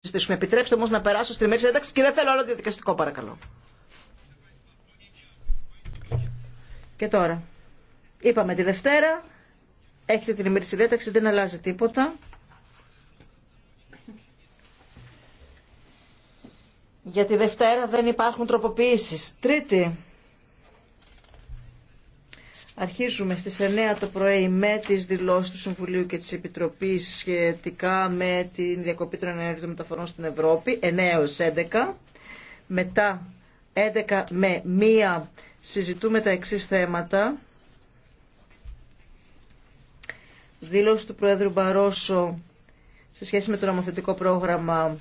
συζητήσουμε. Επιτρέψτε όμω να περάσω στη μέση ένταξη και δεν θέλω άλλο διαδικαστικό, παρακαλώ. Και τώρα. Είπαμε τη Δευτέρα. Έχετε την ημερήσια διάταξη, δεν αλλάζει τίποτα. Για τη Δευτέρα δεν υπάρχουν τροποποιήσεις. Τρίτη. Αρχίζουμε στις 9 το πρωί με τις δηλώσεις του Συμβουλίου και της Επιτροπής σχετικά με την διακοπή των ενέργειων μεταφορών στην Ευρώπη, 9 έως 11. Μετά 11 με 1 συζητούμε τα εξής θέματα. Δήλωση του Πρόεδρου Μπαρόσο σε σχέση με το νομοθετικό πρόγραμμα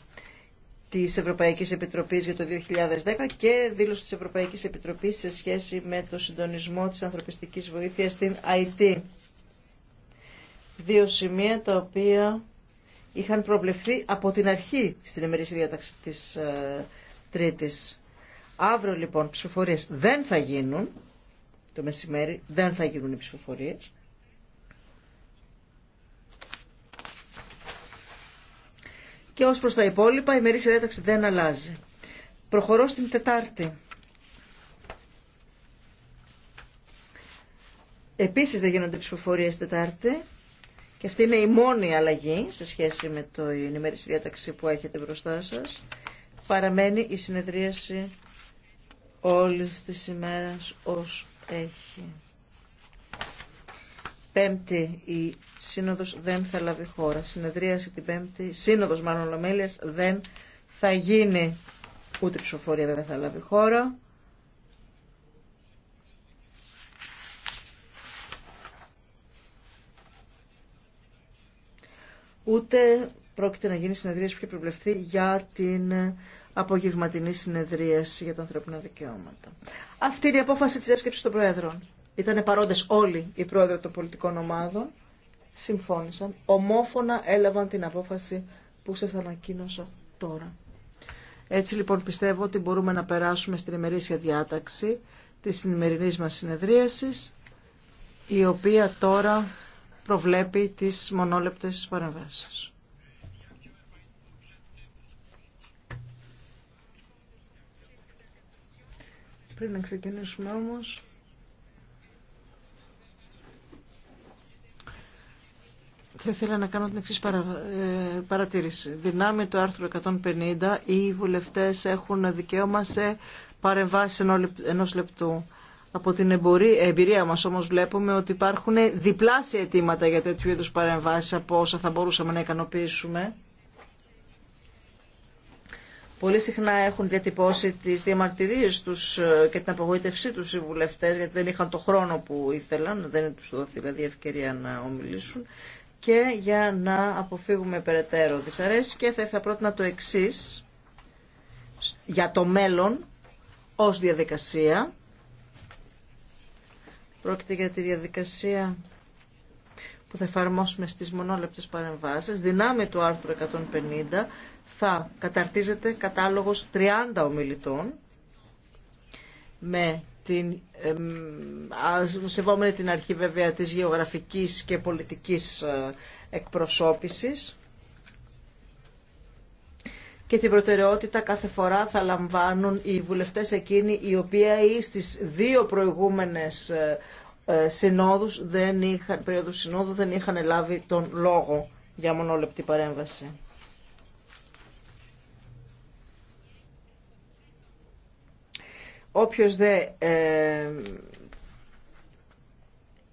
της Ευρωπαϊκής Επιτροπής για το 2010 και δήλωση της Ευρωπαϊκής Επιτροπής σε σχέση με το συντονισμό της ανθρωπιστικής βοήθειας στην IT. Δύο σημεία τα οποία είχαν προβλεφθεί από την αρχή στην ημερήσια διάταξη της ε, Τρίτης. Αύριο λοιπόν ψηφοφορίες δεν θα γίνουν, το μεσημέρι δεν θα γίνουν οι ψηφοφορίες. και ως προς τα υπόλοιπα η μερίσια διάταξη δεν αλλάζει. Προχωρώ στην Τετάρτη. Επίσης δεν γίνονται ψηφοφορίες Τετάρτη και αυτή είναι η μόνη αλλαγή σε σχέση με το ημερήσια διάταξη που έχετε μπροστά σας. Παραμένει η συνεδρίαση όλης της ημέρας ως έχει. Πέμπτη η σύνοδος δεν θα λάβει χώρα. Συνεδρίαση την Πέμπτη, σύνοδος μάλλον δεν θα γίνει. Ούτε ψηφοφορία δεν θα λάβει χώρα. Ούτε πρόκειται να γίνει συνεδρίαση που έχει προβλεφθεί για την απογευματινή συνεδρίαση για τα ανθρώπινα δικαιώματα. Αυτή είναι η απόφαση της έσκεψη των Προέδρων ήταν παρόντες όλοι οι πρόεδροι των πολιτικών ομάδων, συμφώνησαν, ομόφωνα έλαβαν την απόφαση που σα ανακοίνωσα τώρα. Έτσι λοιπόν πιστεύω ότι μπορούμε να περάσουμε στην ημερήσια διάταξη της σημερινή μας συνεδρίασης, η οποία τώρα προβλέπει τις μονόλεπτες παρεμβάσεις. Πριν να ξεκινήσουμε όμως, Θα ήθελα να κάνω την εξή ε, παρατήρηση. Δυνάμει το άρθρο 150, οι βουλευτές έχουν δικαίωμα σε παρεμβάσει ενό λεπτού. Από την εμπειρία μας όμως βλέπουμε ότι υπάρχουν διπλάσια αιτήματα για τέτοιου είδους παρεμβάσεις από όσα θα μπορούσαμε να ικανοποιήσουμε. Πολύ συχνά έχουν διατυπώσει τις διαμαρτυρίες τους ε, και την απογοήτευσή τους οι βουλευτές γιατί δεν είχαν το χρόνο που ήθελαν, δεν τους δόθηκε δηλαδή ευκαιρία να ομιλήσουν και για να αποφύγουμε περαιτέρω δυσαρέσεις και θα ήθελα πρότεινα το εξή για το μέλλον ως διαδικασία. Πρόκειται για τη διαδικασία που θα εφαρμόσουμε στις μονόλεπτες παρεμβάσεις. Δυνάμει του άρθρου 150 θα καταρτίζεται κατάλογος 30 ομιλητών με την, σεβόμενη την αρχή βέβαια της γεωγραφικής και πολιτικής ε, εκπροσώπησης και την προτεραιότητα κάθε φορά θα λαμβάνουν οι βουλευτές εκείνοι οι οποίοι στις δύο προηγούμενες ε, ε, συνόδους δεν είχαν, περίοδους συνόδου δεν είχαν λάβει τον λόγο για μονόλεπτη παρέμβαση. Όποιος δεν ε,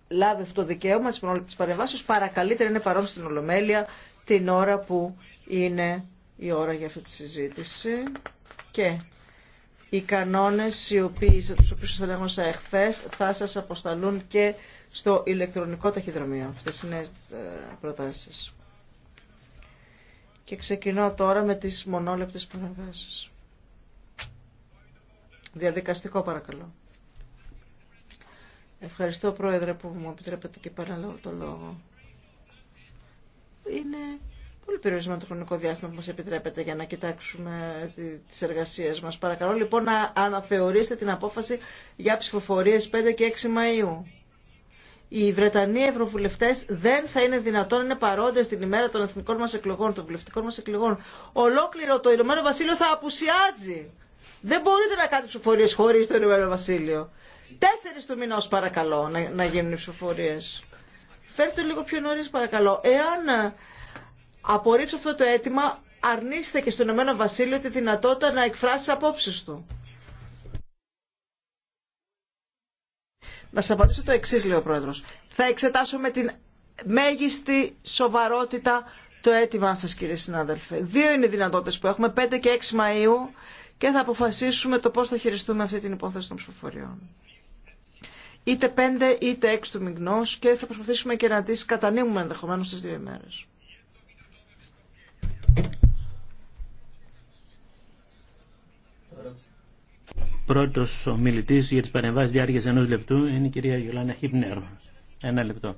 λάβει αυτό το δικαίωμα της όλες παρεμβάσεως παρακαλείται είναι παρόν στην Ολομέλεια την ώρα που είναι η ώρα για αυτή τη συζήτηση και οι κανόνες οι οποίοι, σε τους οποίους σας εχθές θα σας αποσταλούν και στο ηλεκτρονικό ταχυδρομείο. Αυτές είναι ε, προτάσεις. Και ξεκινώ τώρα με τις μονόλεπτες παρεμβάσεις. Διαδικαστικό παρακαλώ. Ευχαριστώ Πρόεδρε που μου επιτρέπετε και παραλάβω το λόγο. Είναι πολύ περιορισμένο το χρονικό διάστημα που μας επιτρέπετε για να κοιτάξουμε τις εργασίες μας. Παρακαλώ λοιπόν να αναθεωρήσετε την απόφαση για ψηφοφορίες 5 και 6 Μαΐου. Οι Βρετανοί Ευρωβουλευτέ δεν θα είναι δυνατόν να είναι παρόντε την ημέρα των εθνικών μα εκλογών, των βουλευτικών μα εκλογών. Ολόκληρο το Ηνωμένο Βασίλειο θα απουσιάζει. Δεν μπορείτε να κάνετε ψηφοφορίε χωρί το Ηνωμένο Βασίλειο. Τέσσερι του μηνό, παρακαλώ, να, να γίνουν οι ψηφοφορίε. Φέρτε λίγο πιο νωρί, παρακαλώ. Εάν ε, απορρίψω αυτό το αίτημα, αρνείστε και στο Ηνωμένο Βασίλειο τη δυνατότητα να εκφράσει απόψει του. Να σα απαντήσω το εξή, λέει ο Πρόεδρο. Θα εξετάσω με την μέγιστη σοβαρότητα το αίτημά σα, κύριε συνάδελφε. Δύο είναι οι δυνατότητε που έχουμε, 5 και 6 Μαου και θα αποφασίσουμε το πώς θα χειριστούμε αυτή την υπόθεση των ψηφοφοριών. Είτε πέντε είτε έξι του μηγνώ και θα προσπαθήσουμε και να τις κατανείμουμε ενδεχομένω στις δύο ημέρες. Πρώτος μιλητής για τις παρεμβάσεις διάρκειας ενός λεπτού είναι η κυρία Γιολάνα Χίπνερ. Ένα λεπτό.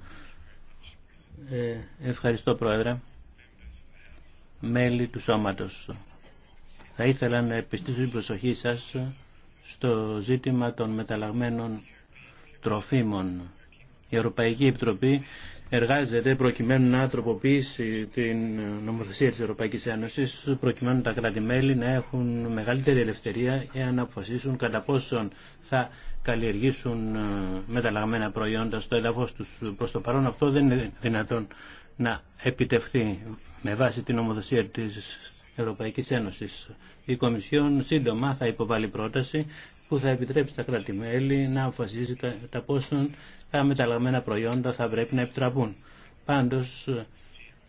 Ε, ευχαριστώ Πρόεδρε. Μέλη του Σώματος θα ήθελα να επιστήσω την προσοχή σας στο ζήτημα των μεταλλαγμένων τροφίμων. Η Ευρωπαϊκή Επιτροπή εργάζεται προκειμένου να τροποποιήσει την νομοθεσία της Ευρωπαϊκής Ένωσης προκειμένου τα κράτη-μέλη να έχουν μεγαλύτερη ελευθερία για να αποφασίσουν κατά πόσον θα καλλιεργήσουν ε, μεταλλαγμένα προϊόντα στο έδαφος τους. Προς το παρόν αυτό δεν είναι δυνατόν να επιτευχθεί με βάση την νομοθεσία της ευρωπαϊκή Ένωση. Η Κομισιόν σύντομα θα υποβάλει πρόταση που θα επιτρέψει τα κράτη-μέλη να αποφασίζει τα, τα πόσον τα μεταλλαγμένα προϊόντα θα πρέπει να επιτραπούν. Πάντως,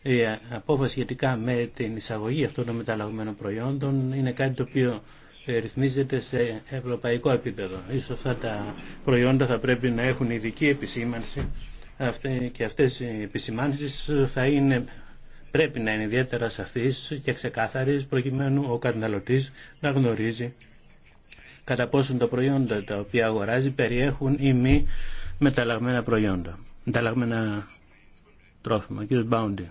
η απόφαση σχετικά με την εισαγωγή αυτών των μεταλλαγμένων προϊόντων είναι κάτι το οποίο ε, ρυθμίζεται σε ευρωπαϊκό επίπεδο. Ίσως αυτά τα προϊόντα θα πρέπει να έχουν ειδική επισήμανση και αυτές οι επισημάνσεις θα είναι πρέπει να είναι ιδιαίτερα σαφής και ξεκάθαρης προκειμένου ο καταναλωτής να γνωρίζει κατά πόσον τα προϊόντα τα οποία αγοράζει περιέχουν ή μη μεταλλαγμένα προϊόντα, μεταλλαγμένα τρόφιμα. Κύριος Μπάουντι.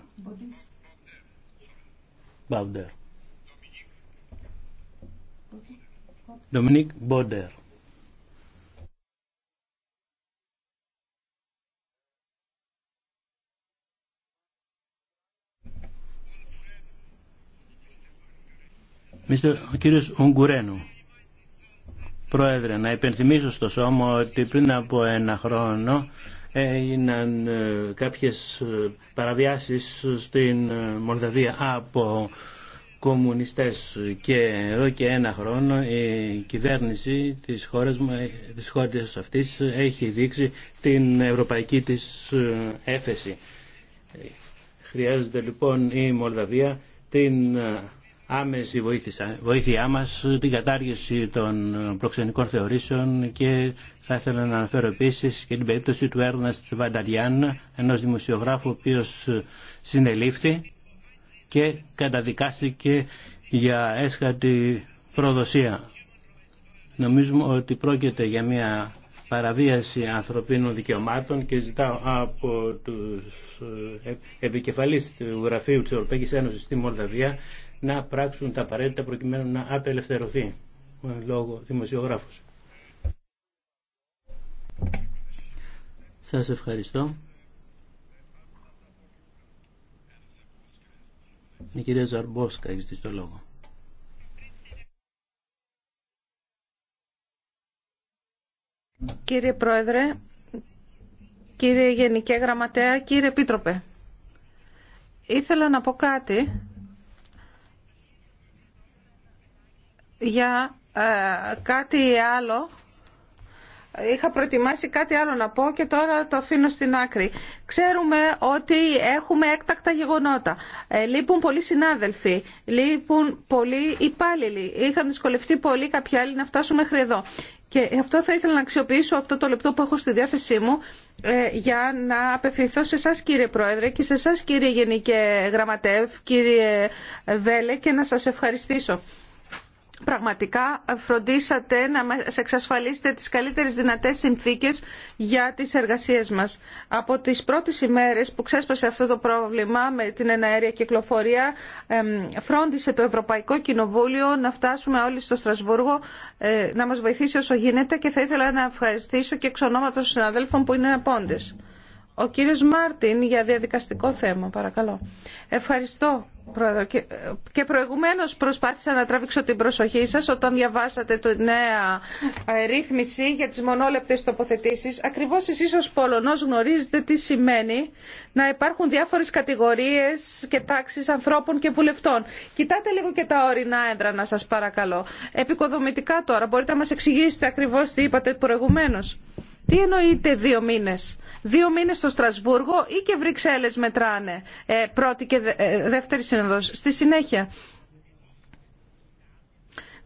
Μπάουντερ. Ντομινίκ Μπόντερ. Ο κύριος Ουγγουρένου. Πρόεδρε, να υπενθυμίσω στο σώμα ότι πριν από ένα χρόνο ε, έγιναν ε, κάποιες ε, παραβιάσεις στην Μολδαβία από κομμουνιστές και εδώ και ένα χρόνο η κυβέρνηση της χώρας, της χώρας αυτής έχει δείξει την ευρωπαϊκή της έφεση. Χρειάζεται λοιπόν η Μολδαβία την άμεση βοήθειά μα την κατάργηση των προξενικών θεωρήσεων και θα ήθελα να αναφέρω επίση και την περίπτωση του Έρναστ Βανταριάν, ενό δημοσιογράφου ο οποίος συνελήφθη και καταδικάστηκε για έσχατη προδοσία. Νομίζουμε ότι πρόκειται για μια παραβίαση ανθρωπίνων δικαιωμάτων και ζητάω από τους ε, επικεφαλής του Γραφείου της Ευρωπαϊκής Ένωσης στη Μολδαβία να πράξουν τα απαραίτητα προκειμένου να απελευθερωθεί Λόγω λόγο Σας ευχαριστώ. Η κυρία Ζαρμπόσκα έχει το λόγο. Κύριε Πρόεδρε, κύριε Γενικέ Γραμματέα, κύριε Επίτροπε, ήθελα να πω κάτι για ε, κάτι άλλο. Είχα προετοιμάσει κάτι άλλο να πω και τώρα το αφήνω στην άκρη. Ξέρουμε ότι έχουμε έκτακτα γεγονότα. Ε, λείπουν πολλοί συνάδελφοι, λείπουν πολλοί υπάλληλοι. Είχαν δυσκολευτεί πολύ κάποιοι άλλοι να φτάσουν μέχρι εδώ. Και αυτό θα ήθελα να αξιοποιήσω αυτό το λεπτό που έχω στη διάθεσή μου ε, για να απευθυνθώ σε εσά κύριε Πρόεδρε και σε εσά κύριε γενική Γραμματεύ, κύριε Βέλε και να σας ευχαριστήσω πραγματικά φροντίσατε να μας εξασφαλίσετε τις καλύτερες δυνατές συνθήκες για τις εργασίες μας. Από τις πρώτες ημέρες που ξέσπασε αυτό το πρόβλημα με την εναέρια κυκλοφορία, φρόντισε το Ευρωπαϊκό Κοινοβούλιο να φτάσουμε όλοι στο Στρασβούργο, ε, να μας βοηθήσει όσο γίνεται και θα ήθελα να ευχαριστήσω και εξ ονόματος συναδέλφων που είναι απόντες. Ο κύριος Μάρτιν για διαδικαστικό θέμα, παρακαλώ. Ευχαριστώ, Πρόεδρο. Και προηγουμένως προσπάθησα να τραβήξω την προσοχή σας όταν διαβάσατε τη νέα ε, ρύθμιση για τις μονόλεπτες τοποθετήσεις. Ακριβώς εσείς ως Πολωνός γνωρίζετε τι σημαίνει να υπάρχουν διάφορες κατηγορίες και τάξεις ανθρώπων και βουλευτών. Κοιτάτε λίγο και τα ορεινά έντρα να σας παρακαλώ. Επικοδομητικά τώρα, μπορείτε να μας εξηγήσετε ακριβώς τι είπατε προηγουμένω. Τι εννοείται δύο μήνε. Δύο μήνε στο Στρασβούργο ή και Βρυξέλλες μετράνε ε, πρώτη και ε, δεύτερη συνοδοση Στη συνέχεια.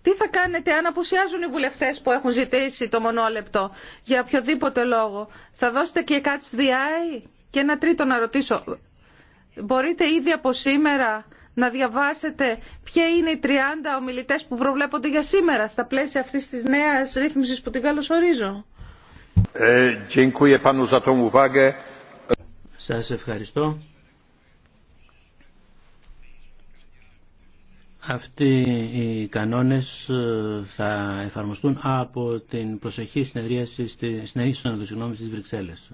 Τι θα κάνετε αν απουσιάζουν οι βουλευτέ που έχουν ζητήσει το μονόλεπτο για οποιοδήποτε λόγο. Θα δώσετε και κάτι στη ΔΙΑΗ. Και ένα τρίτο να ρωτήσω. Μπορείτε ήδη από σήμερα να διαβάσετε ποιοι είναι οι 30 ομιλητές που προβλέπονται για σήμερα στα πλαίσια αυτής της νέας ρύθμισης που την καλωσορίζω. Ε, dziękuję panu za Σας ευχαριστώ. Αυτοί οι κανόνες ε, θα εφαρμοστούν από την προσεχή συνεδρίαση στη συνέχιση των της Βρυξέλλες.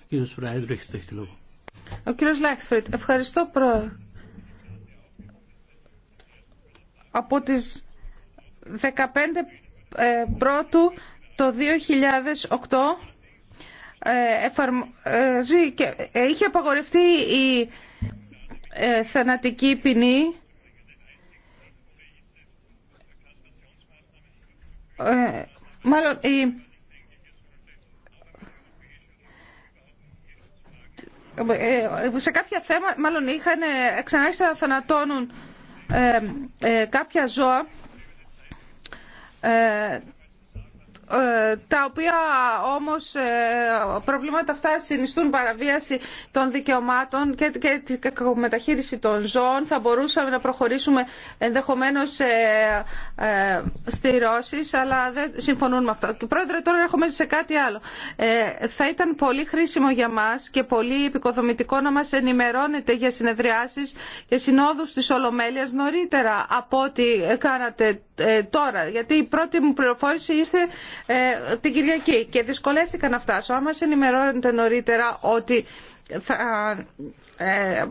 Ο κύριος Φράιντρο έχει το έχει λόγο. Ο κύριος Λάξφριτ, ευχαριστώ πρόεδρε. Από τις 15 ε, πρώτου το 2008 ε, ε, και είχε απαγορευτεί η θανατική ποινή μάλλον η σε κάποια θέματα μάλλον είχαν ξανάρχισε να θανατώνουν κάποια ζώα ε, ε, τα οποία όμως ε, προβλήματα αυτά συνιστούν παραβίαση των δικαιωμάτων και, και τη μεταχείριση των ζώων θα μπορούσαμε να προχωρήσουμε ενδεχομένως στη ε, αλλά δεν συμφωνούν με αυτό. Και πρόεδρε τώρα έχουμε σε κάτι άλλο. Ε, θα ήταν πολύ χρήσιμο για μας και πολύ επικοδομητικό να μας ενημερώνετε για συνεδριάσεις και συνόδους της Ολομέλειας νωρίτερα από ό,τι κάνατε ε, τώρα, γιατί η πρώτη μου πληροφόρηση ήρθε ε, την Κυριακή και δυσκολεύτηκα να φτάσω. Άμα σε ενημερώνετε νωρίτερα ότι θα, ε,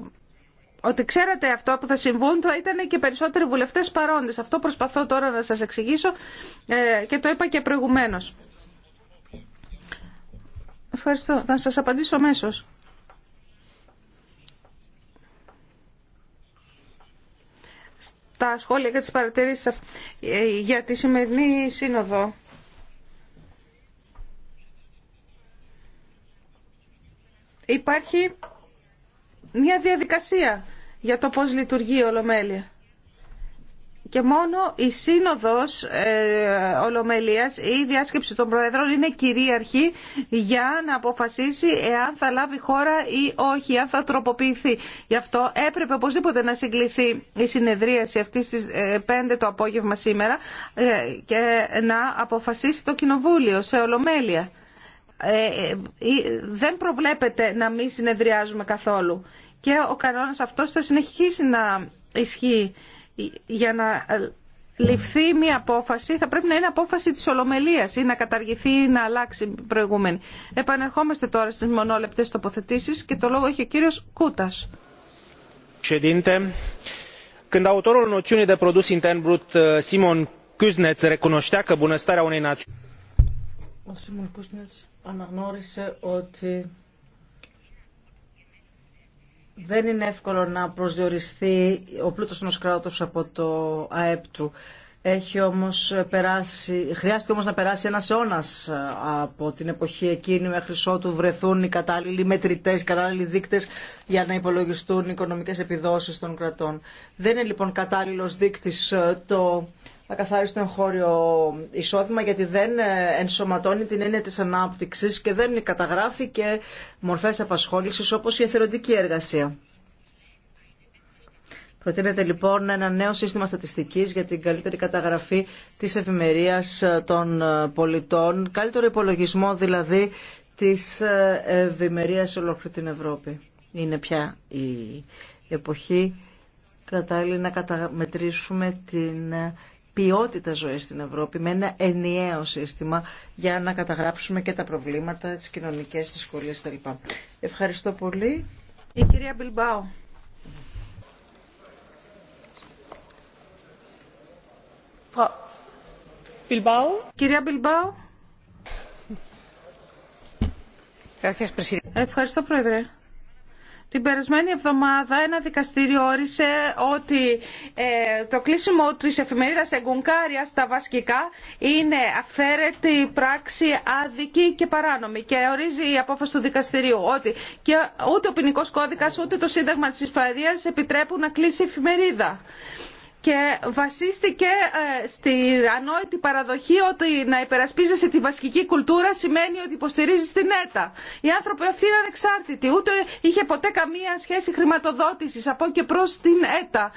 ότι ξέρατε αυτό που θα συμβούν θα ήταν και περισσότεροι βουλευτές παρόντες. Αυτό προσπαθώ τώρα να σας εξηγήσω και το είπα και προηγουμένως. Ευχαριστώ. Θα σας απαντήσω αμέσως. τα σχόλια και τις παρατηρήσεις για τη σημερινή σύνοδο. Υπάρχει μια διαδικασία για το πώς λειτουργεί η Ολομέλεια και μόνο η σύνοδος ε, ολομελίας ή η διάσκεψη των Προεδρών είναι κυρίαρχη για να αποφασίσει εάν θα λάβει χώρα ή όχι, αν θα τροποποιηθεί. Γι' αυτό έπρεπε οπωσδήποτε να συγκληθεί η συνεδρίαση αυτή στις 5 ε, το απόγευμα σήμερα ε, και να αποφασίσει το Κοινοβούλιο σε ολομέλεια. Ε, ε δεν προβλέπεται να μην συνεδριάζουμε καθόλου. Και ο κανόνας αυτός θα συνεχίσει να ισχύει για να ληφθεί μια απόφαση θα πρέπει να είναι απόφαση της ολομελίας ή να καταργηθεί ή να αλλάξει η προηγούμενη. να αλλαξει τώρα στις μονόλεπτες τοποθετήσεις και το λόγο έχει ο κύριος Κούτας. Când autorul noțiunii de produs intern brut uh, Simon Kuznets recunoștea că bunăstarea unei națiuni αναγνώρισε ότι δεν είναι εύκολο να προσδιοριστεί ο πλούτος ενός κράτους από το ΑΕΠ του. Έχει όμως περάσει, χρειάστηκε όμως να περάσει ένας αιώνα ε, από την εποχή εκείνη μέχρι ότου βρεθούν οι κατάλληλοι μετρητές, οι κατάλληλοι δείκτες για να υπολογιστούν οι οικονομικές επιδόσεις των κρατών. Δεν είναι λοιπόν κατάλληλος δείκτης ε, το ακαθάριστο εγχώριο εισόδημα γιατί δεν ε, ενσωματώνει την έννοια της ανάπτυξης και δεν καταγράφει και μορφές απασχόλησης όπως η εθελοντική εργασία. Προτείνεται λοιπόν ένα νέο σύστημα στατιστικής για την καλύτερη καταγραφή της ευημερία ε, των ε, πολιτών, καλύτερο υπολογισμό δηλαδή της ευημερία σε ολόκληρη την Ευρώπη. Είναι πια η εποχή κατάλληλη να καταμετρήσουμε την ποιότητα ζωής στην Ευρώπη με ένα ενιαίο σύστημα για να καταγράψουμε και τα προβλήματα, τις κοινωνικές, τις κτλ. Ευχαριστώ πολύ. Η κυρία Μπιλμπάου. Bilbao. Κυρία Μπιλμπάου. Ευχαριστώ, Πρόεδρε. Την περασμένη εβδομάδα ένα δικαστήριο όρισε ότι ε, το κλείσιμο της εφημερίδας Εγκουνκάρια στα βασκικά είναι αυθαίρετη πράξη άδικη και παράνομη και ορίζει η απόφαση του δικαστηρίου ότι και ούτε ο ποινικό κώδικας ούτε το Σύνταγμα της Ισπανίας επιτρέπουν να κλείσει εφημερίδα και βασίστηκε ε, στη ανόητη παραδοχή ότι να υπερασπίζεσαι τη βασική κουλτούρα σημαίνει ότι υποστηρίζει την ΕΤΑ. Οι άνθρωποι αυτοί είναι ανεξάρτητοι. Ούτε είχε ποτέ καμία σχέση χρηματοδότηση από και προ την ΕΤΑ.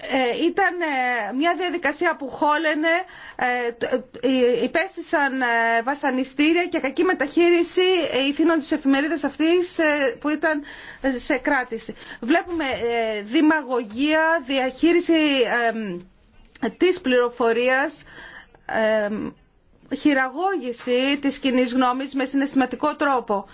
Ε, ήταν ε, μια διαδικασία που χόλαινε, ε, υπέστησαν βασανιστήρια και κακή μεταχείριση οι τη της εφημερίδας αυτής που ήταν σε κράτηση. Βλέπουμε δημαγωγία, διαχείριση της πληροφορίας, χειραγώγηση της κοινή γνώμης με συναισθηματικό τρόπο.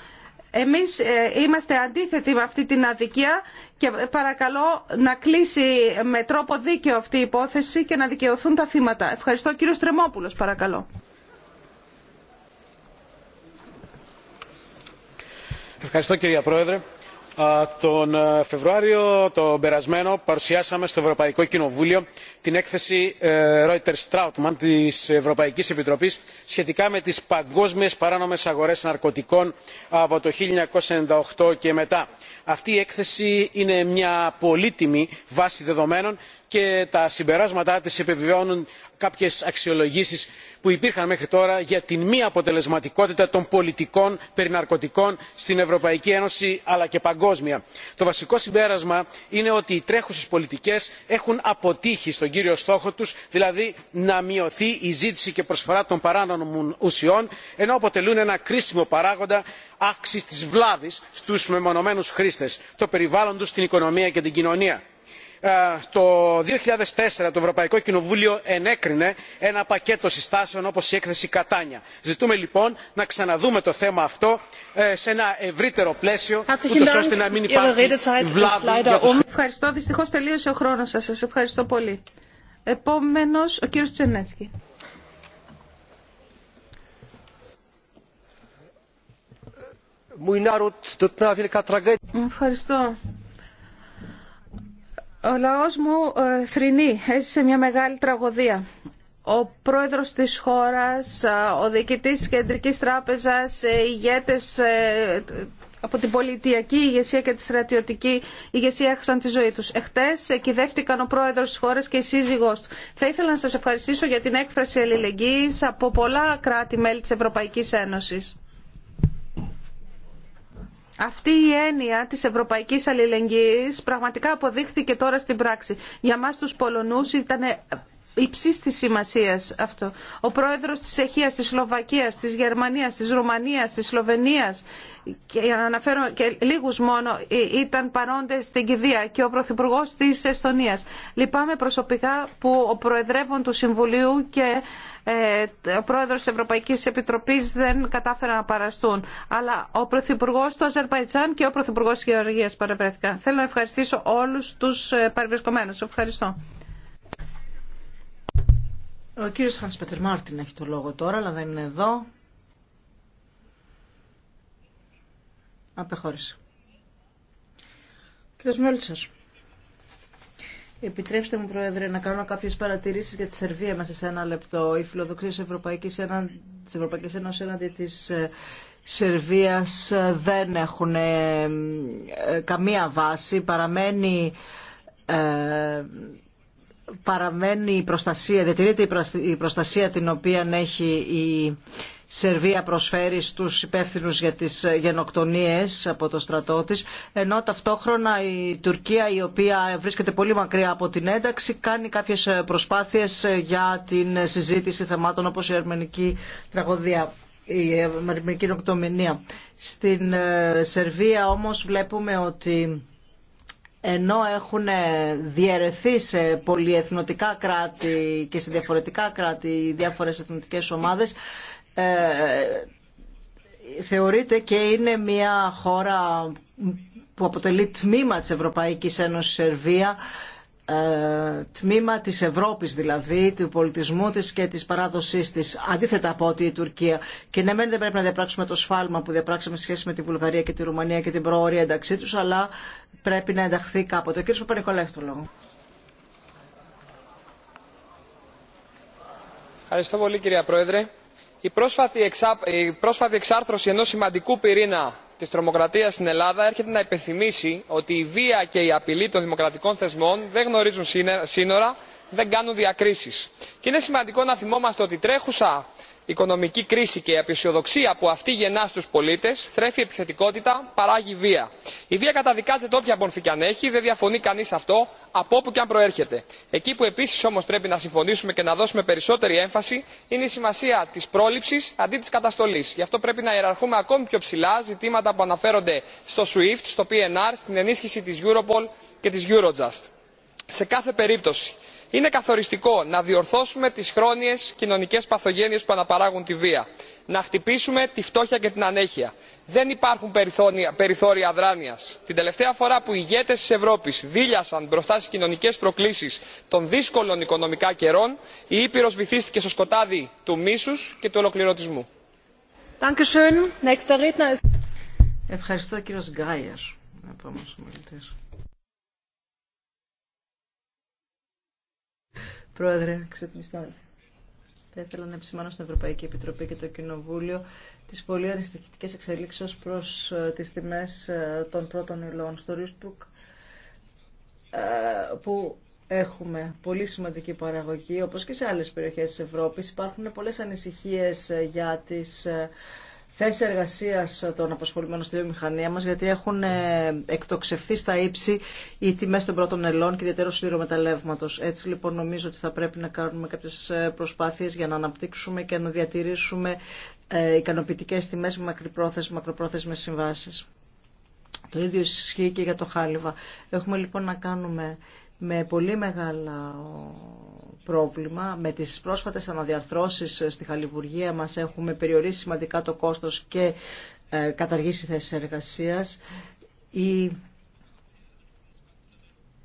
Εμείς ε, είμαστε αντίθετοι με αυτή την αδικία και παρακαλώ να κλείσει με τρόπο δίκαιο αυτή η υπόθεση και να δικαιωθούν τα θύματα. Ευχαριστώ κύριο Στρεμόπουλος παρακαλώ. Ευχαριστώ κυρία Πρόεδρε τον ε, φεβρουάριο τον περασμένο παρουσιάσαμε στο ευρωπαϊκό κοινοβούλιο την έκθεση ε, reuters trautmann της ευρωπαϊκής επιτροπής σχετικά με τις παγκόσμιες παράνομες αγορές ναρκωτικών από το 1998 και μετά. αυτή η έκθεση είναι μια πολύτιμη βάση δεδομένων και τα συμπεράσματά της επιβεβαιώνουν κάποιες αξιολογήσεις που υπήρχαν μέχρι τώρα για την μη αποτελεσματικότητα των πολιτικών περί ναρκωτικών στην ευρωπαϊκή ένωση αλλά και παγκόσμια. το βασικό συμπέρασμα είναι ότι οι τρέχουσες πολιτικές έχουν αποτύχει στον κύριο στόχο τους δηλαδή να μειωθεί η ζήτηση και προσφορά των παράνομων ουσιών ενώ αποτελούν ένα κρίσιμο παράγοντα αύξησης της βλάβης στους μεμονωμένους χρήστες το περιβάλλον τους την οικονομία και την κοινωνία. Ε, το 2004 το Ευρωπαϊκό Κοινοβούλιο ενέκρινε ένα πακέτο συστάσεων όπως η έκθεση Κατάνια. Ζητούμε λοιπόν να ξαναδούμε το θέμα αυτό ε, σε ένα ευρύτερο πλαίσιο ούτως ώστε να μην υπάρχει βλάβη um. Ευχαριστώ. Δυστυχώς τελείωσε ο χρόνος σας. Σας ευχαριστώ πολύ. Επόμενος, ο κύριος Τσενέτσκι. Ευχαριστώ. Ο λαός μου ε, θρηνεί, έζησε μια μεγάλη τραγωδία. Ο πρόεδρος της χώρας, ε, ο διοικητής της Κεντρικής Τράπεζας, οι ε, ηγέτες από την πολιτιακή ηγεσία και τη στρατιωτική ηγεσία έχασαν τη ζωή τους. Εχθές εκειδεύτηκαν ο πρόεδρος της χώρας και η σύζυγός του. Θα ήθελα να σας ευχαριστήσω για την έκφραση αλληλεγγύης από πολλά κράτη-μέλη της Ευρωπαϊκής Ένωσης. Αυτή η έννοια της ευρωπαϊκής αλληλεγγύης πραγματικά αποδείχθηκε τώρα στην πράξη. Για μας τους Πολωνούς ήταν υψή τη σημασία αυτό. Ο πρόεδρος της Αιχίας, της Σλοβακίας, της Γερμανία, της ρουμανία της Σλοβενία, και για να αναφέρω και λίγους μόνο ε, ήταν παρόντες στην κηδεία και ο Πρωθυπουργό της Εστονίας. Λυπάμαι προσωπικά που ο προεδρεύων του Συμβουλίου και ε, ο πρόεδρος της Ευρωπαϊκής Επιτροπής δεν κατάφερε να παραστούν. Αλλά ο πρωθυπουργός του Αζερβαϊτζάν και ο πρωθυπουργός της Γεωργίας παρευρέθηκαν. Θέλω να ευχαριστήσω όλους τους ε, παρευρισκομένους. Ευχαριστώ. Ο κύριος Πέτερ Μάρτιν έχει το λόγο τώρα, αλλά δεν είναι εδώ. Απεχώρησε. Κύριος Μιόλτσας. Επιτρέψτε μου, Πρόεδρε, να κάνω κάποιε παρατηρήσει για τη Σερβία μέσα σε ένα λεπτό. Οι φιλοδοξίε τη Ευρωπαϊκή Ένωση έναντι τη ε, Σερβία ε, δεν έχουν ε, καμία βάση. Παραμένει παραμένει η προστασία, διατηρείται η προστασία την οποία έχει η Σερβία προσφέρει στους υπεύθυνους για τις γενοκτονίες από το στρατό της, ενώ ταυτόχρονα η Τουρκία η οποία βρίσκεται πολύ μακριά από την ένταξη κάνει κάποιες προσπάθειες για την συζήτηση θεμάτων όπως η αρμενική τραγωδία η αρμενική νοκτομηνία. Στην ε, Σερβία όμως βλέπουμε ότι ενώ έχουν διαιρεθεί σε πολυεθνοτικά κράτη και σε διαφορετικά κράτη διάφορες εθνοτικές ομάδες, ε, θεωρείται και είναι μια χώρα που αποτελεί τμήμα της Ευρωπαϊκής Ένωσης Σερβία ε, τμήμα της Ευρώπης δηλαδή, του πολιτισμού της και της παράδοσής της, αντίθετα από ότι η Τουρκία. Και ναι, δεν πρέπει να διαπράξουμε το σφάλμα που διαπράξαμε σχέση με τη Βουλγαρία και τη Ρουμανία και την προορία ένταξή τους, αλλά πρέπει να ενταχθεί κάποτε. Ο κ. παπα έχει το λόγο. Ευχαριστώ πολύ κυρία Πρόεδρε. Η πρόσφατη, εξά... η πρόσφατη εξάρθρωση ενός σημαντικού πυρήνα της τρομοκρατίας στην ελλάδα έρχεται να υπενθυμίσει ότι η βία και η απειλή των δημοκρατικών θεσμών δεν γνωρίζουν σύνορα δεν κάνουν διακρίσεις. και είναι σημαντικό να θυμόμαστε ότι τρέχουσα η οικονομική κρίση και η απεσιοδοξία που αυτή γεννά στους πολίτες θρέφει επιθετικότητα παράγει βία. η βία καταδικάζεται όποια μορφή και αν έχει δεν διαφωνεί κανείς αυτό από όπου και αν προέρχεται. εκεί που επίσης όμως πρέπει να συμφωνήσουμε και να δώσουμε περισσότερη έμφαση είναι η σημασία της πρόληψης αντί της καταστολής. γι' αυτό πρέπει να ιεραρχούμε ακόμη πιο ψηλά ζητήματα που αναφέρονται στο swift στο pnr στην ενίσχυση της europol και της eurojust. σε κάθε περίπτωση είναι καθοριστικό να διορθώσουμε τις χρόνιες κοινωνικές παθογένειες που αναπαράγουν τη βία να χτυπήσουμε τη φτώχεια και την ανέχεια. δεν υπάρχουν περιθώρια αδράνειας. την τελευταία φορά που οι ηγέτες της ευρώπης δίλιασαν μπροστά στις κοινωνικές προκλήσεις των δύσκολων οικονομικά καιρών η ήπειρος βυθίστηκε στο σκοτάδι του μίσους και του ολοκληρωτισμού. Πρόεδρε, εξωτιμή θα ήθελα να επισημάνω στην Ευρωπαϊκή Επιτροπή και το Κοινοβούλιο τι πολύ ανησυχητικέ εξελίξει προ ε, τι τιμέ ε, των πρώτων υλών στο ε, που έχουμε πολύ σημαντική παραγωγή όπως και σε άλλες περιοχές της Ευρώπης. Υπάρχουν πολλές ανησυχίες για τις θέσει εργασία των απασχολημένων στη βιομηχανία μα, γιατί έχουν ε, εκτοξευθεί στα ύψη οι τιμέ των πρώτων ελών και ιδιαίτερω σιδηρομεταλλεύματο. Έτσι λοιπόν νομίζω ότι θα πρέπει να κάνουμε κάποιε προσπάθειε για να αναπτύξουμε και να διατηρήσουμε ε, ικανοποιητικέ τιμέ με μακροπρόθεσμε συμβάσει. Το ίδιο ισχύει και για το χάλιβα. Έχουμε λοιπόν να κάνουμε με πολύ μεγάλο πρόβλημα. Με τις πρόσφατες αναδιαρθρώσεις στη Χαλιβουργία μας έχουμε περιορίσει σημαντικά το κόστος και ε, καταργήσει θέσεις εργασίας. Οι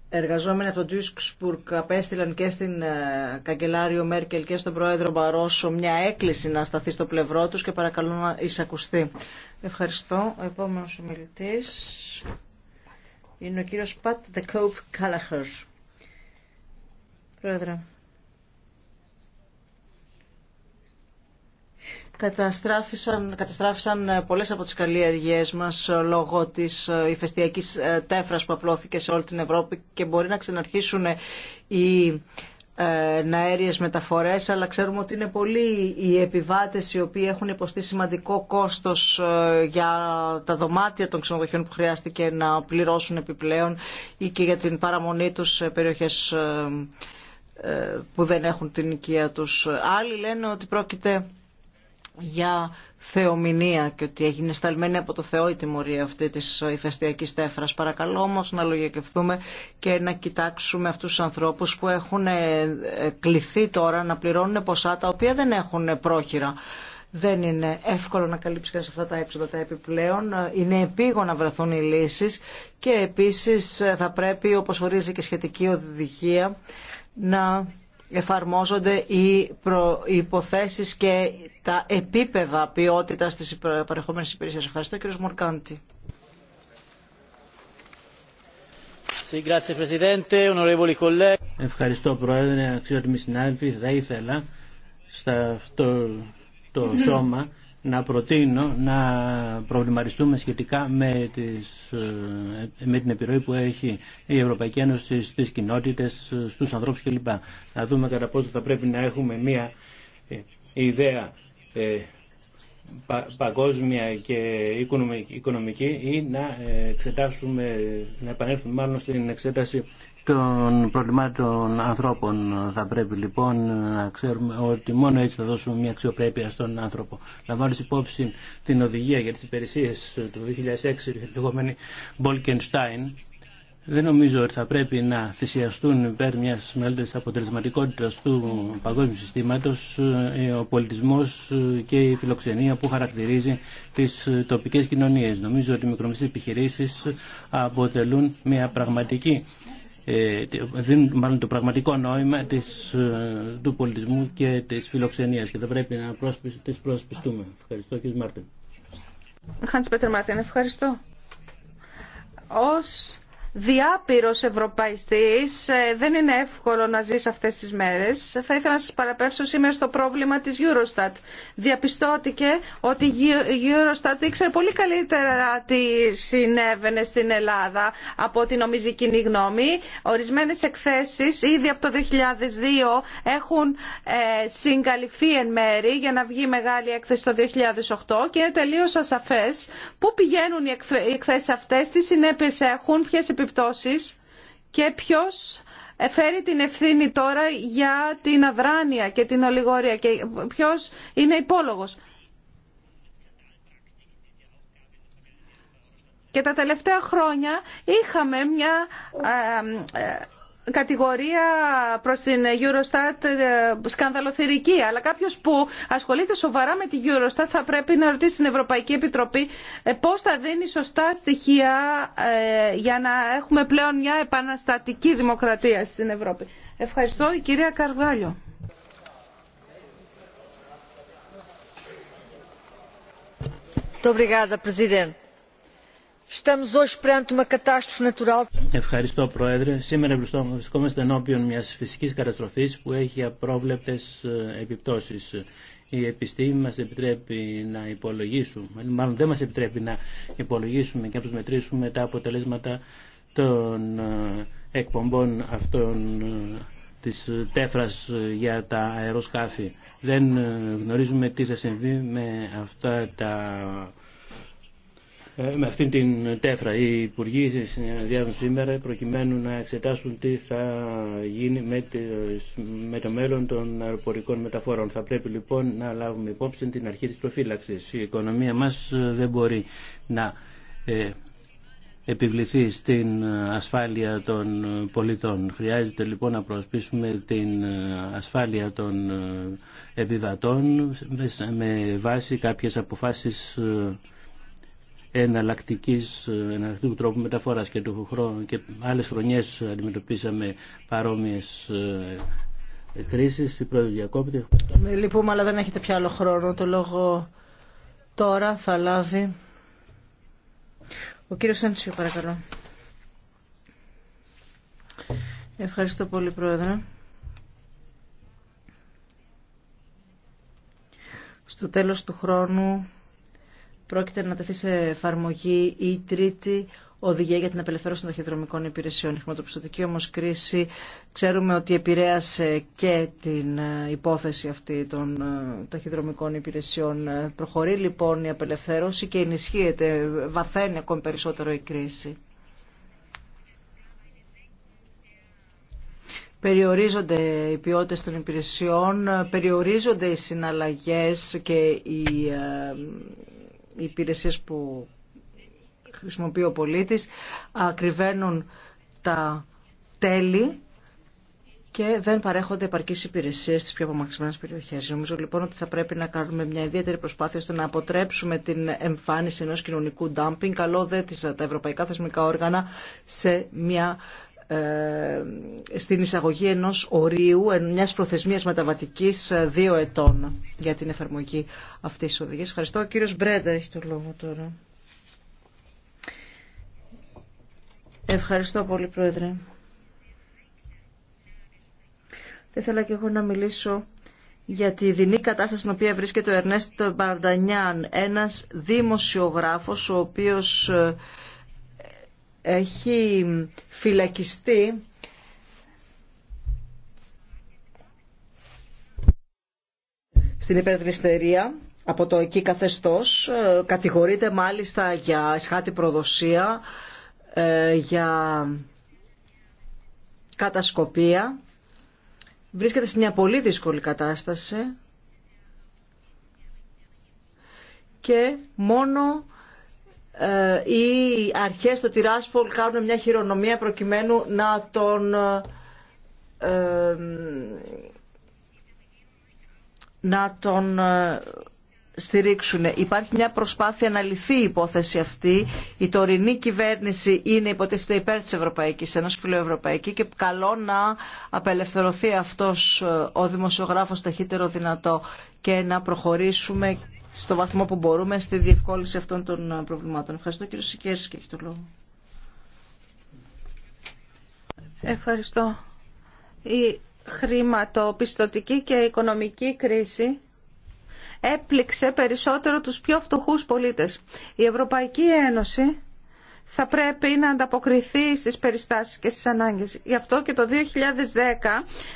εργαζόμενοι από το Duisburg απέστειλαν και στην ε, καγκελάριο Μέρκελ και στον πρόεδρο Μπαρόσο μια έκκληση να σταθεί στο πλευρό τους και παρακαλώ να εισακουστεί. Ευχαριστώ. Ο επόμενος ομιλητής είναι ο κύριος Πατ Δεκόπ Κάλαχερ. Πρόεδρε. Καταστράφησαν, καταστράφησαν ε, πολλές από τις καλλιεργίες μας ε, λόγω της ε, ηφαιστειακής τέφρας που απλώθηκε σε όλη την Ευρώπη και μπορεί να ξαναρχίσουν οι ε, ναέριες μεταφορές αλλά ξέρουμε ότι είναι πολλοί οι επιβάτες οι οποίοι έχουν υποστεί σημαντικό κόστος ε, για τα δωμάτια των ξενοδοχείων που χρειάστηκε να πληρώσουν επιπλέον ή και για την παραμονή τους σε περιοχές ε, που δεν έχουν την οικία τους. Άλλοι λένε ότι πρόκειται για θεομηνία και ότι έγινε σταλμένη από το Θεό η τιμωρία αυτή της ηφαιστειακής τέφρας. Παρακαλώ όμως να λογικευτούμε και να κοιτάξουμε αυτούς τους ανθρώπους που έχουν ε, ε, κληθεί τώρα να πληρώνουν ποσά τα οποία δεν έχουν πρόχειρα. Δεν είναι εύκολο να καλύψει κανεί αυτά τα έξοδα τα επιπλέον. Είναι επίγον να βρεθούν οι λύσει και επίση θα πρέπει, όπω ορίζει και σχετική οδηγία, να εφαρμόζονται οι υποθέσεις και τα επίπεδα ποιότητας της παρεχόμενης υπηρεσίας. Ευχαριστώ κύριο Μορκάντη. Ευχαριστώ Πρόεδρε, αξιότιμοι συνάδελφοι. Θα ήθελα στο αυτό το σώμα να προτείνω να προβλημαριστούμε σχετικά ε, με, την επιρροή που έχει η Ευρωπαϊκή Ένωση στις κοινότητες, στους ανθρώπους κλπ. Να δούμε κατά πόσο θα πρέπει να έχουμε μία ε, ιδέα ε, παγκόσμια και οικονομική ή να ε, εξετάσουμε, να επανέλθουμε μάλλον στην εξέταση των προβλημάτων ανθρώπων. Θα πρέπει λοιπόν να ξέρουμε ότι μόνο έτσι θα δώσουμε μια αξιοπρέπεια στον άνθρωπο. Λαμβάνω υπόψη την οδηγία για τις υπηρεσίες του 2006, λεγόμενη Μπολκενστάιν δεν νομίζω ότι θα πρέπει να θυσιαστούν υπέρ μια μεγαλύτερη αποτελεσματικότητα του παγκόσμιου συστήματο ε, ο πολιτισμό ε, και η φιλοξενία που χαρακτηρίζει τι ε, τοπικέ κοινωνίε. Νομίζω ότι οι μικρομεσαίε επιχειρήσει αποτελούν μια πραγματική δίνουν μάλλον το πραγματικό νόημα της, του πολιτισμού και της φιλοξενίας και θα πρέπει να τι προσπιστούμε. Ευχαριστώ κύριε Μάρτιν. ευχαριστώ. Ως διάπειρος ευρωπαϊστής ε, δεν είναι εύκολο να ζεις αυτές τις μέρες. Θα ήθελα να σας παραπέμψω σήμερα στο πρόβλημα της Eurostat. Διαπιστώθηκε ότι η Eurostat ήξερε πολύ καλύτερα τι συνέβαινε στην Ελλάδα από ό,τι νομίζει η κοινή γνώμη. Ορισμένες εκθέσεις ήδη από το 2002 έχουν ε, συγκαλυφθεί εν μέρη για να βγει μεγάλη έκθεση το 2008 και είναι τελείως ασαφές πού πηγαίνουν οι εκθέσεις αυτές, τι συνέπειες έχουν, ποιες επιπτώσεις και ποιος φέρει την ευθύνη τώρα για την αδράνεια και την ολιγορία και ποιος είναι υπόλογος. Και τα τελευταία χρόνια είχαμε μια ε, ε, κατηγορία προς την Eurostat ε, σκανδαλοθυρική, αλλά κάποιος που ασχολείται σοβαρά με την Eurostat θα πρέπει να ρωτήσει την Ευρωπαϊκή Επιτροπή ε, πώς θα δίνει σωστά στοιχεία ε, για να έχουμε πλέον μια επαναστατική δημοκρατία στην Ευρώπη. Ευχαριστώ η κυρία Καρβάλιο. Obrigada, Presidente. Ευχαριστώ Πρόεδρε. Σήμερα βρισκόμαστε ενώπιον μιας φυσικής καταστροφής που έχει απρόβλεπτες ε, επιπτώσεις. Η επιστήμη μας επιτρέπει να υπολογίσουμε, μάλλον δεν μας επιτρέπει να υπολογίσουμε και να μετρήσουμε τα αποτελέσματα των ε, εκπομπών αυτών ε, της τέφρας για τα αεροσκάφη. Δεν γνωρίζουμε τι θα συμβεί με αυτά τα ε, με αυτήν την τέφρα. Οι υπουργοί συνεδριάζουν σήμερα προκειμένου να εξετάσουν τι θα γίνει με, το μέλλον των αεροπορικών μεταφορών. Θα πρέπει λοιπόν να λάβουμε υπόψη την αρχή της προφύλαξης. Η οικονομία μας ε, δεν μπορεί να ε, επιβληθεί στην ασφάλεια των πολιτών. Χρειάζεται λοιπόν να προσπίσουμε την ασφάλεια των επιβατών με βάση κάποιες αποφάσεις ε, εναλλακτικού τρόπου μεταφοράς και, του χρόνου, και άλλες χρονιές αντιμετωπίσαμε παρόμοιες ε, κρίσεις. Η πρώτη διακόπτη. Ε, λυπούμε, αλλά δεν έχετε πια άλλο χρόνο. Το λόγο τώρα θα λάβει ο κύριος Σέντσιου, παρακαλώ. Ευχαριστώ πολύ, Πρόεδρε. Στο τέλος του χρόνου πρόκειται να τεθεί σε εφαρμογή η τρίτη οδηγία για την απελευθέρωση των ταχυδρομικών υπηρεσιών. Η χρηματοπιστωτική όμω κρίση ξέρουμε ότι επηρέασε και την ε, υπόθεση αυτή των ε, ταχυδρομικών υπηρεσιών. Ε, προχωρεί λοιπόν η απελευθέρωση και ενισχύεται, βαθαίνει ακόμη περισσότερο η κρίση. Περιορίζονται οι ποιότητες των υπηρεσιών, περιορίζονται οι συναλλαγές και οι οι υπηρεσίες που χρησιμοποιεί ο πολίτης ακριβένουν τα τέλη και δεν παρέχονται επαρκή υπηρεσίε στι πιο απομακρυσμένε περιοχέ. Νομίζω λοιπόν ότι θα πρέπει να κάνουμε μια ιδιαίτερη προσπάθεια ώστε να αποτρέψουμε την εμφάνιση ενό κοινωνικού ντάμπινγκ. Καλό δε τα ευρωπαϊκά θεσμικά όργανα σε μια ε, στην εισαγωγή ενός ορίου, μιας προθεσμίας μεταβατικής ε, δύο ετών για την εφαρμογή αυτής της οδηγίας. Ευχαριστώ. Ο κύριος Μπρέντα έχει το λόγο τώρα. Ευχαριστώ πολύ, Πρόεδρε. Θα ήθελα και εγώ να μιλήσω για τη δινή κατάσταση στην οποία βρίσκεται ο Ερνέστ Μπαρντανιάν, ένας δημοσιογράφος ο οποίος ε, έχει φυλακιστεί στην υπερδυστερία από το εκεί καθεστώς. Ε, κατηγορείται μάλιστα για εσχάτη προδοσία, ε, για κατασκοπία. Βρίσκεται σε μια πολύ δύσκολη κατάσταση και μόνο ε, οι αρχές του Τυράσπολ κάνουν μια χειρονομία προκειμένου να τον ε, να τον ε, στηρίξουν. Υπάρχει μια προσπάθεια να λυθεί η υπόθεση αυτή. Η τωρινή κυβέρνηση είναι υποτίθεται υπέρ της Ευρωπαϊκής Ένωσης, φιλοευρωπαϊκή και καλό να απελευθερωθεί αυτός ο δημοσιογράφος ταχύτερο δυνατό και να προχωρήσουμε στο βαθμό που μπορούμε στη διευκόλυνση αυτών των ε, προβλημάτων. Ευχαριστώ κύριο Σικέρης και έχει το λόγο. Ευχαριστώ. Η χρηματοπιστωτική και οικονομική κρίση έπληξε περισσότερο τους πιο φτωχούς πολίτες. Η Ευρωπαϊκή Ένωση θα πρέπει να ανταποκριθεί στις περιστάσεις και στις ανάγκες. Γι' αυτό και το 2010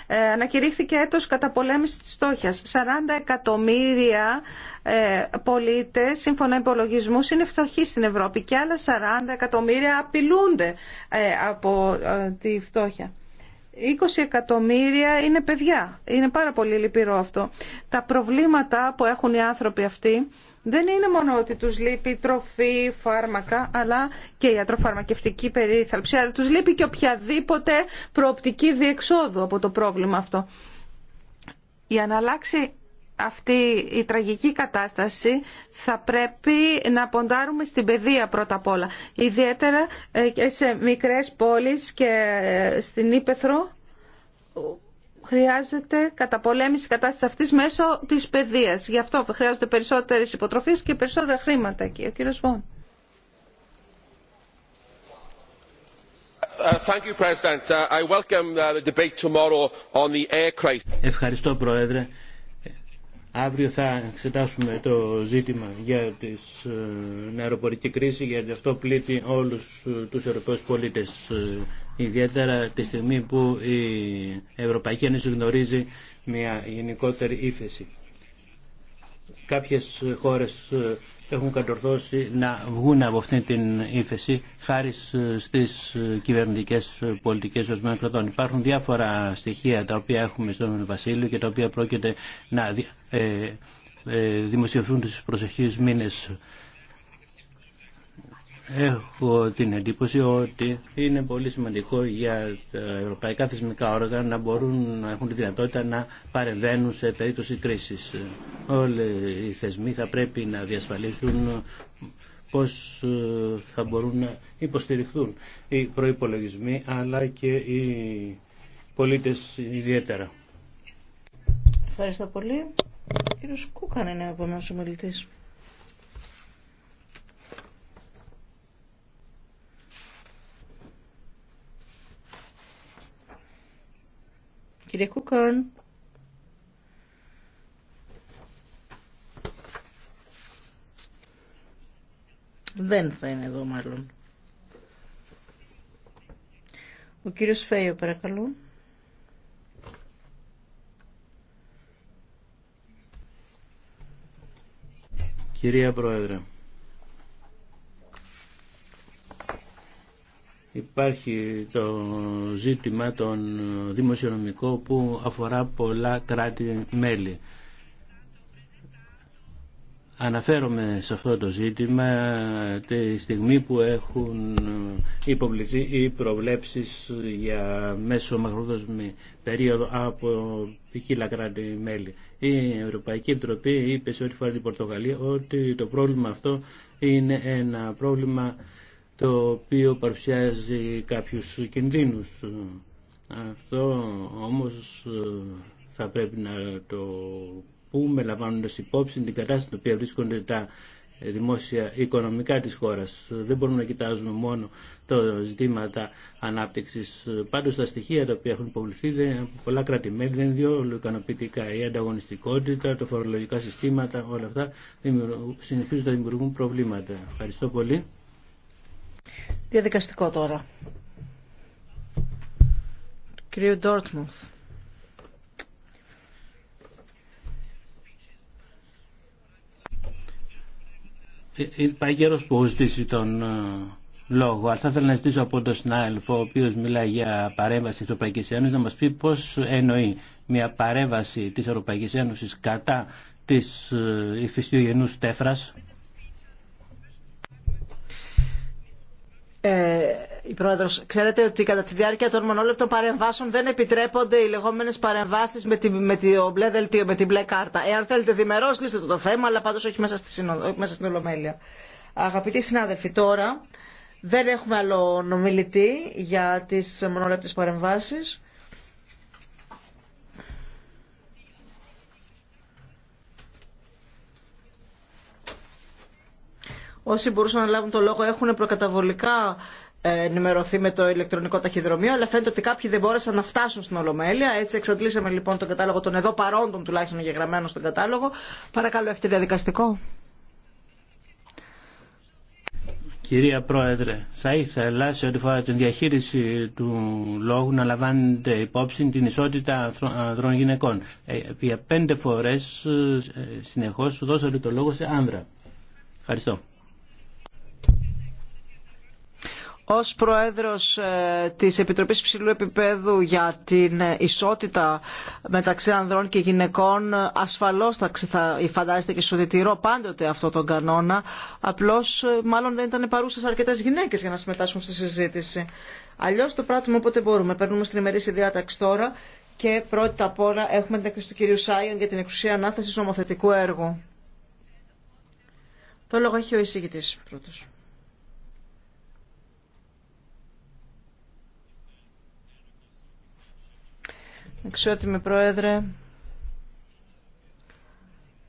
ε, ανακηρύχθηκε έτος πολέμηση της φτώχειας. 40 εκατομμύρια ε, πολίτες, σύμφωνα υπολογισμούς, είναι φτωχοί στην Ευρώπη και άλλα 40 εκατομμύρια απειλούνται ε, από τη φτώχεια. 20 εκατομμύρια είναι παιδιά. Είναι πάρα πολύ λυπηρό αυτό. Τα προβλήματα που έχουν οι άνθρωποι αυτοί δεν είναι μόνο ότι τους λείπει τροφή, φάρμακα, αλλά και η ιατροφαρμακευτική περίθαλψη, αλλά τους λείπει και οποιαδήποτε προοπτική διεξόδου από το πρόβλημα αυτό. Για να αλλάξει αυτή η τραγική κατάσταση θα πρέπει να ποντάρουμε στην παιδεία πρώτα απ' όλα. Ιδιαίτερα ε, σε μικρές πόλεις και ε, στην Ήπεθρο χρειάζεται καταπολέμηση κατάσταση αυτής μέσω της παιδείας. Γι' αυτό χρειάζονται περισσότερες υποτροφίες και περισσότερα χρήματα εκεί. Ο κύριος Βόν. Ευχαριστώ, Πρόεδρε. Αύριο θα εξετάσουμε το ζήτημα για ε, την αεροπορική κρίση, γιατί αυτό πλήττει όλους ε, τους Ευρωπαίους πολίτες. Ε, ιδιαίτερα τη στιγμή που η Ευρωπαϊκή Ένωση γνωρίζει μια γενικότερη ύφεση. Κάποιες χώρες ε, έχουν κατορθώσει να βγουν από αυτή την ύφεση χάρη στις ε, κυβερνητικές πολιτικές ορισμένων κρατών. Υπάρχουν διάφορα στοιχεία τα οποία έχουμε στον Βασίλειο και τα οποία πρόκειται να ε, δημοσιευθούν τις προσεχείς μήνες. Έχω την εντύπωση ότι είναι πολύ σημαντικό για τα ευρωπαϊκά θεσμικά όργανα να μπορούν να έχουν τη δυνατότητα να παρεμβαίνουν σε περίπτωση κρίσης. Όλοι οι θεσμοί θα πρέπει να διασφαλίσουν πώς ε, θα μπορούν να υποστηριχθούν οι προϋπολογισμοί αλλά και οι πολίτες ιδιαίτερα. Ευχαριστώ πολύ. Κύριο κύριος Κούκαν είναι ο Κύριε Κουκάν. Δεν θα είναι εδώ μάλλον. Ο κύριος Φέιο παρακαλώ. Κυρία Πρόεδρε, υπάρχει το ζήτημα των δημοσιονομικό που αφορά πολλά κράτη-μέλη. Αναφέρομαι σε αυτό το ζήτημα τη στιγμή που έχουν υποβληθεί οι προβλέψεις για μέσο μακροδοσμή περίοδο από ποικίλα κράτη-μέλη. Η Ευρωπαϊκή Επιτροπή είπε σε ό,τι φορά την Πορτογαλία ότι το πρόβλημα αυτό είναι ένα πρόβλημα το οποίο παρουσιάζει κάποιους κινδύνους. Αυτό όμως ε, θα πρέπει να το πούμε λαμβάνοντα υπόψη την κατάσταση στην βρίσκονται τα δημόσια οικονομικά της χώρας. Δεν μπορούμε να κοιτάζουμε μόνο το ζητήματα ανάπτυξης. Πάντως τα στοιχεία τα οποία έχουν υποβληθεί από πολλά κράτη-μέλη δεν είναι διόλου ικανοποιητικά. Η ανταγωνιστικότητα, τα φορολογικά συστήματα, όλα αυτά συνεχίζουν να δημιουργούν προβλήματα. Ευχαριστώ πολύ. Διαδικαστικό τώρα. Κύριο Ντόρτμουθ. Ε, ε, πάει καιρό που έχω ζητήσει τον ε, λόγο, αλλά θα ήθελα να ζητήσω από τον συνάδελφο, ο οποίο μιλάει για παρέμβαση τη Ευρωπαϊκή Ένωση, να μα πει πώ εννοεί μια παρέμβαση τη Ευρωπαϊκή Ένωση κατά τη ηφαιστειογενού τέφρα Ε, η Πρόεδρος, ξέρετε ότι κατά τη διάρκεια των μονόλεπτων παρεμβάσεων δεν επιτρέπονται οι λεγόμενες παρεμβάσεις με, τη, με, τη, μπλε δελτίο, με την μπλε κάρτα. Εάν θέλετε διμερώς λύστε το, το θέμα, αλλά πάντως όχι μέσα, στη όχι μέσα στην Ολομέλεια. Αγαπητοί συνάδελφοι, τώρα δεν έχουμε άλλο νομιλητή για τις μονόλεπτες παρεμβάσεις. Όσοι μπορούσαν να λάβουν το λόγο έχουν προκαταβολικά ε, ενημερωθεί με το ηλεκτρονικό ταχυδρομείο, αλλά φαίνεται ότι κάποιοι δεν μπόρεσαν να φτάσουν στην Ολομέλεια. Έτσι εξαντλήσαμε λοιπόν τον κατάλογο των εδώ παρόντων τουλάχιστον εγγεγραμμένων στον κατάλογο. Παρακαλώ, έχετε διαδικαστικό. Κυρία Πρόεδρε, θα ήθελα σε ό,τι φορά την διαχείριση του λόγου να λαμβάνετε υπόψη την ισότητα ανδρών γυναικών. Ε, για πέντε φορές ε, συνεχώς δώσατε το λόγο σε άνδρα. Ευχαριστώ. Ως Προέδρος ε, της Επιτροπής Ψηλού Επιπέδου για την ε, ισότητα μεταξύ ανδρών και γυναικών ασφαλώς θα, θα ε, φαντάζεστε και σωτητηρώ πάντοτε αυτό τον κανόνα. Απλώς μάλλον δεν ήταν παρούσες αρκετές γυναίκες για να συμμετάσχουν στη συζήτηση. Αλλιώς το πράττουμε όποτε μπορούμε. Παίρνουμε στην ημερήσια διάταξη τώρα και πρώτη απ' όλα έχουμε την έκθεση του κυρίου Σάιον για την εξουσία ανάθεσης νομοθετικού έργου. Το λόγο έχει ο εισηγητής πρώτος. Εξότιμε Πρόεδρε,